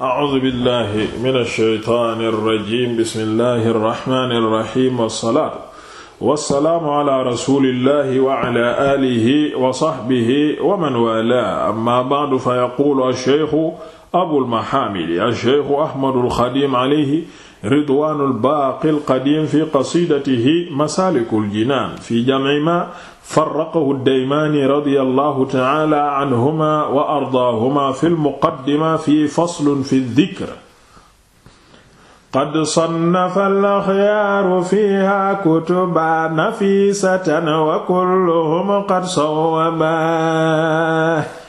A'uuzu billaahi mina shaytaani rajiim bismillaahi rahmaani rahiim wassalaatu wassalaamu alaa rasuulillaahi wa alaa aalihi wa sahbihi wa man waalaahu ammaa ba'du fa yaquulu ash-shaykhu abul mahaamidi ash-shaykhu Ahmadul Xadiim alayhi ridwaanul baaqil qadiim fi qasiidatihi masaalikul jinaan fi jamci maa farraqahu daymaani radiyallahu ta'aala anhumaa wa ardaahumaa fil muqaddima fi faslun fi dikr. qad sannafa al-axyaaru fiihaa kutuban nafiisatan wa kulluhum qad sawwabaa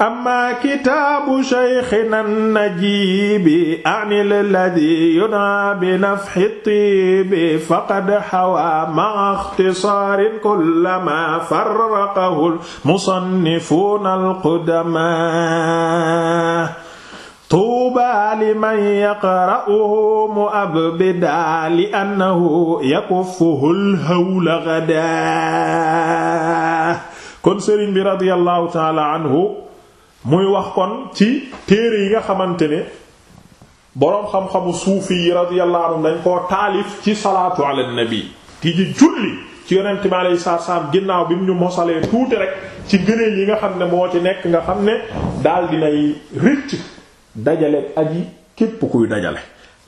amma kitaabu sheykhina najiibi ani lladhi yud'a bi nafhi tiibi faqad hawa ma'a ikhtisaarin kullama farraqahu al-musannifuuna al-qudamaa tuubaa liman yaqra'uhu mu'abbidaa li'annahu yakuffuhu al-hawla ghadaa kon sëriñ bi radiyallahu ta'ala anhu muy wax kon ci téere yi nga xamante ne boroom xam-xamu suufi yi radiyallahu anhum dañ koo taalif ci salaatu ala nabi ti ji julli ci yonente bi alayhi salaatu salaam ginnaaw bi mu ñu mosalee tuuti rek ci gëneel yi nga xam ne moo ci nekk nga xam ne daal nay rëcc dajale aji képp kuy dajale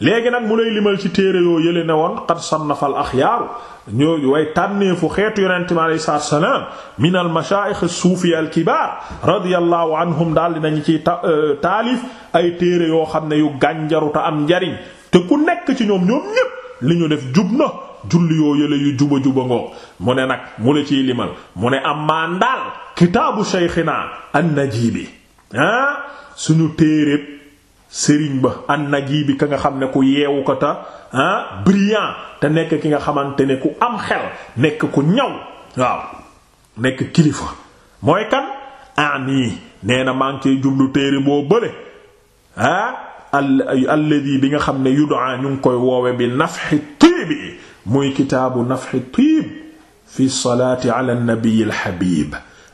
léegi nag mu lay limal ci téere yoo yële ne woon qad sannafa al axyaaru ñooy way tànneefu xeetu yonent mi alayhi salaatu salaam min al mashaayix as-suufi al kibaar radiyallahu anhum daal dinañu ciy ta euh, taalif ay téere yoo xam ne yu gànjaruta am njariñ te ku nekk ci ñoom ñoom ñépp li ñu def jub na julli yoo yële yu juba juba ngoo mu ne nag mu la ciy limal mu ne am maan daal kitaabu sheykhina an ah, suñu téereeb sëriñ ba an naji bi ka nga xam ne ku yeewu ko ta ah te nekk ki nga xamante ne ku am xel nekk ku ñaw waaw nekk kilifa mooy kan ani nee na maa ngi cee jublu téere boo bële ah alladi bi nga xam ne yudaa ñu koy woowe bi nafxi tiibi muy kitaabu nafxi tiib fi salaati ala nabiyi alxabib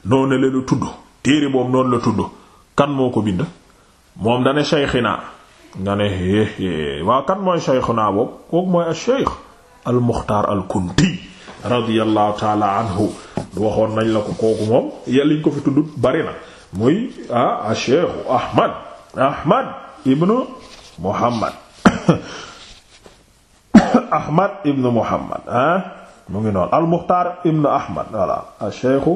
noonu la tudd téere boobu noonu la tudd kan moo ko bind moom dane sheykhina nga ne waaw kan mooy sheykhuna boobu kooku mooy ash-shaykh al-Mukhtar al-Kunti anhu waxoon nañ la ko kooku moom yelliñ ko fi tudd bari na muy ah ash-shaykh Ahmad Ahmad ibnu Muhammad Ahmad ibnu Muhammad ah mu ngi noonu al ibnu Ahmad voilà ash-shaykh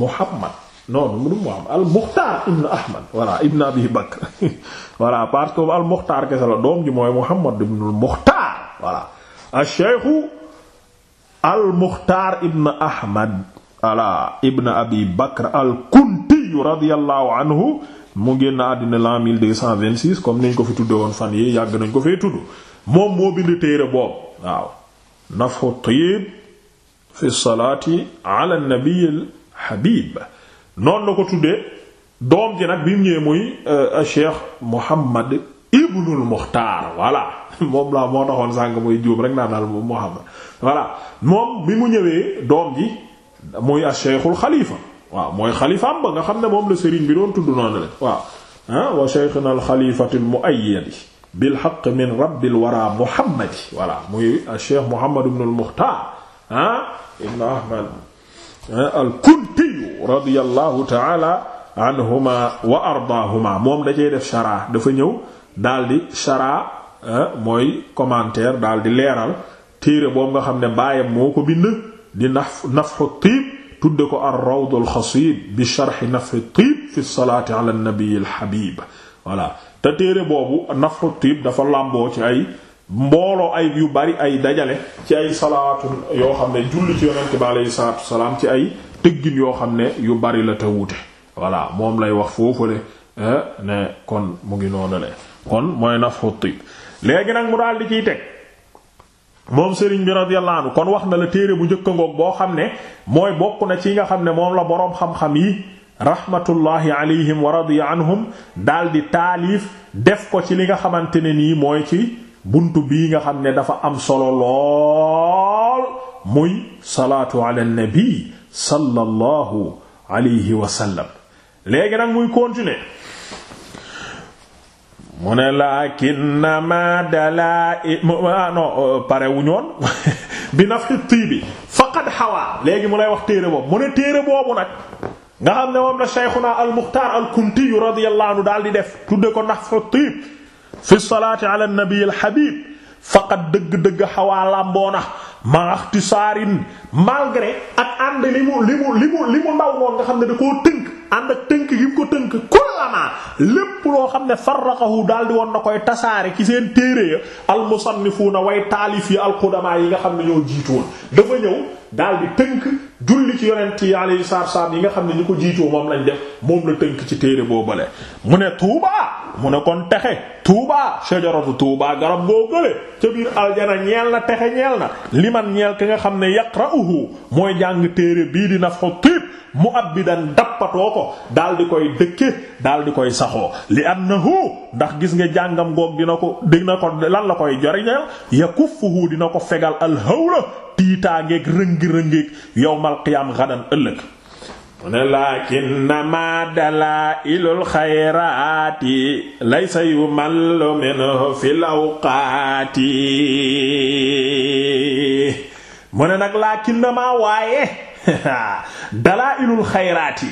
Muhammad non mu dum am al mukhtar ibn ahmad voilà ibn abi bakr voilà parce que al mukhtar kese la doom ji mooy muhammad ibn al mukhtar al sheikhu ibn ahmad ala ibn abi bakr al kunti radiyallahu anhu mu génn àddina l'an 1226 comme niñ ko fi tudde woon fan yi yàgg nañ ko fee tudd moom moo bind téere boobu waaw nafhu tayyib fi salaati ala an-nabiy al habib noonu la ko tuddee doom ji nag bi mu ñëwee muy euh, Cheikh Muhammad ibnul Muxtaar voilà moom laa moo taxoon sàng muy juum rek naa daal moom Muhammad voilà moom bi mu ñëwee doom ji muy Cheikhul Xalifa waaw mooy xalifaam ba nga xam ne moom la sëriñ bi doon tudd noonu la waaw ah wa cheikhuna alxalifatil muayyadi bilhaq min rabbil wara muhammadi voilà muy Cheikh Muhammad ibnul Muxtaar ah ibn Ahmad Eh, al-Kuntiyu radiyallahu ta'ala anhuma wa ardaahuma moom da cee def shara dafa ñëw daldi shara eh, mooy commentaire daldi leeral téere boobu nga xam ne baayam moo ko bind di naf nafhu tiib tudde ko ar-Rawd al bi sharh nafhu tiib fi salaati ala an-nabiy al-Habiib te téere boobu nafhu tiib dafa làmboo ci ay mbooloo ay yu bari ay dajale ci ay salaatu yoo xam ne julli ci yonent bi aleyhi salaatu salaam ci ay tëggin yoo xam ne yu bari la te wuute voilà moom lay wax foofule eh, ne kon mu ngi noonu le kon mooy naf xutti nag mu daal di ciy teg moom sëriñ bi radiyallahu anhu kon wax na la téere bu njëkk a ngoog boo xam ne mooy bokk na ci nga xam ne moom la boroom xam-xam yi rahmatullahi alayhim wa radiya anhum daal di taalif def ko ci li nga xamante ne nii mooy ci. buntu bii nga xam ne dafa am solo lool muy salaatu ala nabi sallallahu alayhi wa sallam léegi nag muy continuer mu ne lakinna ma dala ah, non euh, pare wu ñoon bi nafi tiibi faqad xawaa léegi mu lay wax téere boobu mu ne téere boobu nag nga xam ne moom la shaykhuna al mukhtar al kunti radiyallahu anhu daal di def tudde ko nafu tiib fi salaati ala nabi al habib faqat dëgg-dëgg xawaa làmboona maaxti saarin malgré ak ànd li mu li mu li mu li mu ndaw moon nga xam ne da koo tënk ànd ak tënk gi mu ko tënk kullamaa lépp loo xam ne farraqahu daal di woon na koy tasaare ki seen téere ya almusannifuuna way taalif yi alqudamaa yi nga xam ne ñoo jiitoon dafa ñëw daal di tënk julli ci yonent yi alayhi salaam yi nga xam ne ñu ko jiitoo moom lañ def moom la tënk ci téere boobale mu ne tuubaa mu ne kon texe tuubaa shajaratu tuubaa garab boo gële ca biir aljana ñeel na texe ñeel na liman ñeel ki nga xam ne yaqra'uhu mooy jàng téere bii di nafxu tiib mu ab bi da dappatoo ko daal di koy dëkke daal di koy saxoo li annahu ndax gis nga jàngam goog dina ko na ko lan la koy jariñeel yakuffuhu dina ko fegal alhawla tiitaangeeg rëngi-rëngeeg yowmal qiyaam xadan ëllëg mu ne lakinnama dala ilul xayraati laysa yumallu minhu fil awqaati mu ne nag lakinnama waaye dalaa ilul xayraati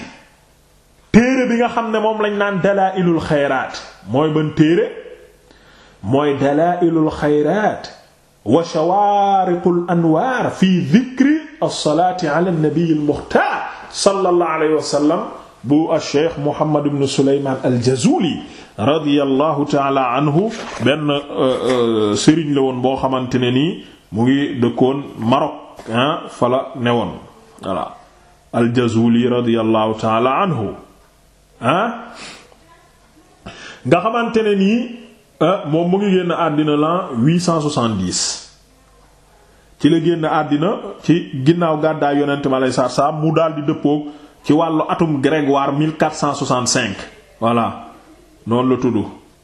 téere bi nga xam ne moom lañ naan dalaa ilul xayraat mooy ban téere mooy dalaa ilul xayraat wa shawaariqul anwaar fi dhikri as-salaati ala an-nabi al-mukhtaar sallallahu alayhi wa sallam bu ash-shaykh Muhammad ibn Sulaymaan al-Jazuli radiyallahu ta'ala anhu benn euh, euh, sëriñ la woon boo xamante ne nii mu ngi dëkkoon Maroc ah fala ne woon voilà al-Jazuli radiyallahu ta'ala anhu ah nga xamante ne nii Euh, moom mu ngi génn àddina l'an 870 ci la génn àddina ci ginnaaw gàddaay yonent ma lay sar sa mu daldi dëppoog ci wàllu atum grégoire 1465 voilà noonu la tudd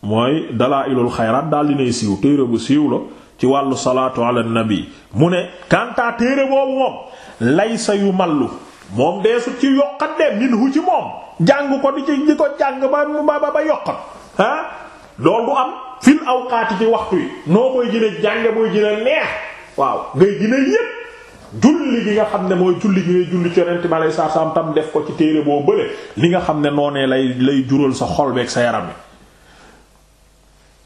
mooy Dalaa'ilul Xayraat daldi nay siiw téere bu siiw la ci wàllu salaatu ala nabi mu ne kantaa téere boobu moom lay yu mallu moom dee su ci yokkat de minhu ci moom jàng ko di ci di ko jàng ba ba ba yokkat loolu du am fil awqaati ci waxtu yi noo koy gën a jànge mooy gën a neex waaw ngay gën a yëpp julli gi nga xam ne mooy julli gi ngay julli ci yonent bi alayhi salaam tam def ko ci téere boo bële li nga xam ne noonee lay lay jural sa xol beeg sa yaram bi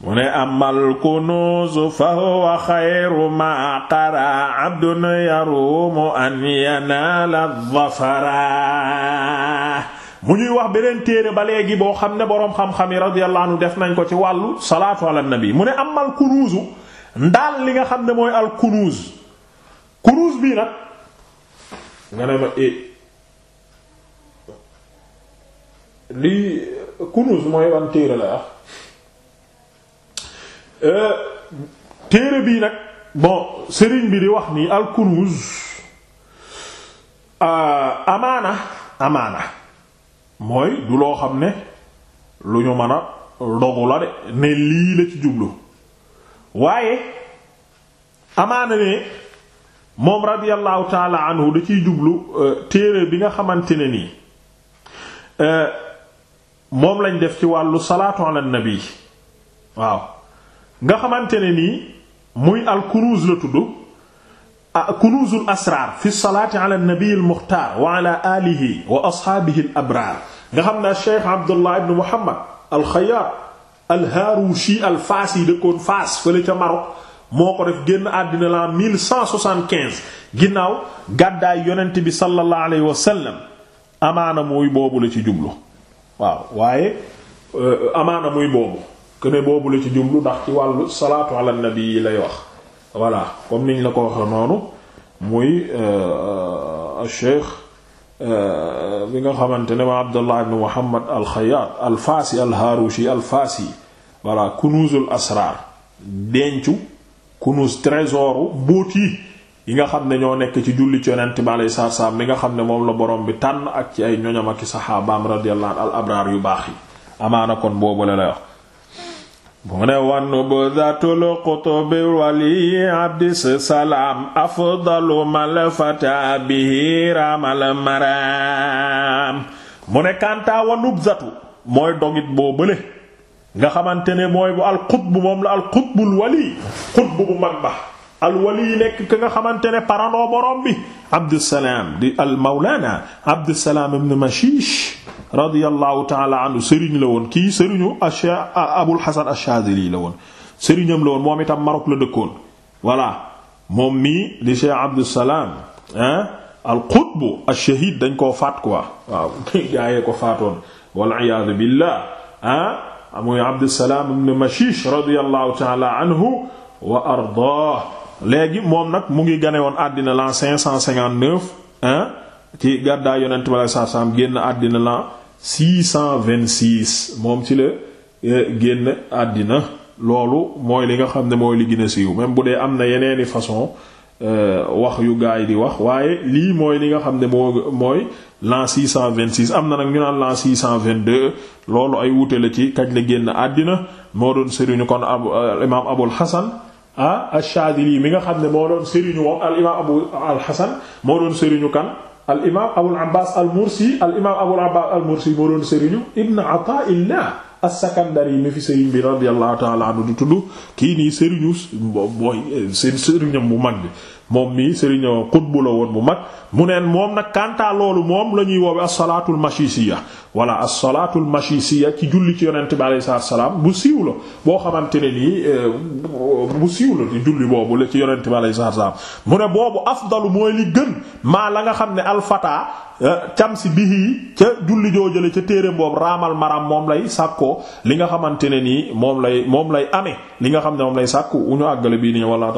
mu ne amal kunuusu fa huwa xayru ma qara yarumu an yanaala dhafara mu ñuy wax beneen téere ba léegi boo xam ne boroom xam-xam yi radiyallahu anhu def nañ ko ci wàllu salaatu ala nabi mu ne am al kunuuzu ndaal li nga xam ne mooy al kunuuz kunuuz bii nag nga ne ma eh, lii kunuuz mooy wan téere la ah euh, téere bii nag bon sëriñ bi di wax nii al kunuuz euh, amaana amaana mooy du loo xam ne lu ñu mën a dogu la de ne lii la ci jublu waaye amaana ne moom radiyallahu taala anhu da ciy jublu euh, téere bi nga xamante ne nii euh, moom lañ def ci wàllu salaatu ala nabi waaw nga xamante ne nii muy al-Kunûz la tudd Ah, kunuuzul asraar fi salaati ala nabi al muxtaar wa alihi wa ashaabihi al abraar nga xam ne Cheikh Abdullah ibn Muhammad al Xayyaat al Haarushi al Faas yi dëkkoon Faas fële ca Maroc moo ko def génn àddina la ginnaaw gàddaay yonent bi sallallahu alayhi amaana muy boobu la ci jublu waaw euh, ci jublu ndax ci wàllu salaatu nabi lay wax. voilà comme niñ la ko waxee noonu muy euh, euh, cheikh euh, bi nga xamante ne ma abdullah ibn muhammad al xayaat al faasi al harushi al faasi voilà kunuzul asrar dencu kunuz trésoru mbóot yi yi nga xam ne ñoo nekk ci julli ci yonent bi alayhi salaatu salaam bi nga xam ne moom la borom bi tànn ak ci ay ñoñam ak i saxaabaam radiyallahu al abraar yu baax yi amaana kon boobu la lay mu ne wannu budatul qutubi wali abdis salaam afdalu mal fata bihi ramal mu ne kàntaa wa mooy dogit boo bële nga xamante ne mooy bu al qutb moom la al qutbul wali bu mag ba al yi nekk ki nga xamante ne parandoo borom bi abdus salaam di al mawlana salaam ibn mashish radiyallahu taala anhu sëriñ la woon kii sëriñu asha abul hasan ash la woon sëriñam la woon moom itam Maroc la dëkkoon voilà moom mii di cheikh abdusalaam ah al qutb dañ koo faat quoi waaw gaayee ko faatoon wal iyaadu billah ah muy abdusalaam ibn mashish radiyallahu taala anhu wa ardaah léegi moom nag mu ngi gane woon àddina la 559 hein ci gàddaay yonent bi génn àddina l'an 626 moom ci la eh, génn àddina loolu mooy li nga xam ne mooy li gën siiw même bu dee am na yeneeni façon eh, wax yu gaay di wax waaye lii mooy li nga xam ne moo mooy l'an 626 am na nag ñu naan l'an 622 loolu ay wuute la ci kañ la génn àddina moo doon sëriñu kon abu eh, imaam Abul Hasan ah Ash-Shadili mi nga xam ne moo doon sëriñu moom al imaam Abu al moo doon sëriñu kan al imaam abul abbaas al mursi al imaam abul abbaas al mursi moo doon sëriñu ibn ataa'illah as-Sakandari mi fi sëriñ bi radiyallahu ta'ala anhu di tudd kii nii sëriñu booy seen sëriñam bu mag bi moom mii sëriñ xutbu la woon bu mag mu neen moom nag kantaa loolu moom la ñuy woowe as-salaatul mashisiya walla as-salaatul mashisiya ci julli ci yonent bi alayhi salaatu salaam bu siiw la boo xamante ne nii euh, bu siiw la ci julli boobu la ci yonent bi alayhi salaatu salaam mu ne boobu afdalu mooy li gën maa la nga xam ne alfataa euh, camsi bihi ca julli joo jële ca téere boobu raamal maram moom lay sàkkoo li nga xamante ne nii moom lay moom lay amee li nga xam ne moom lay sàkku uñu àggale bii nii wallahu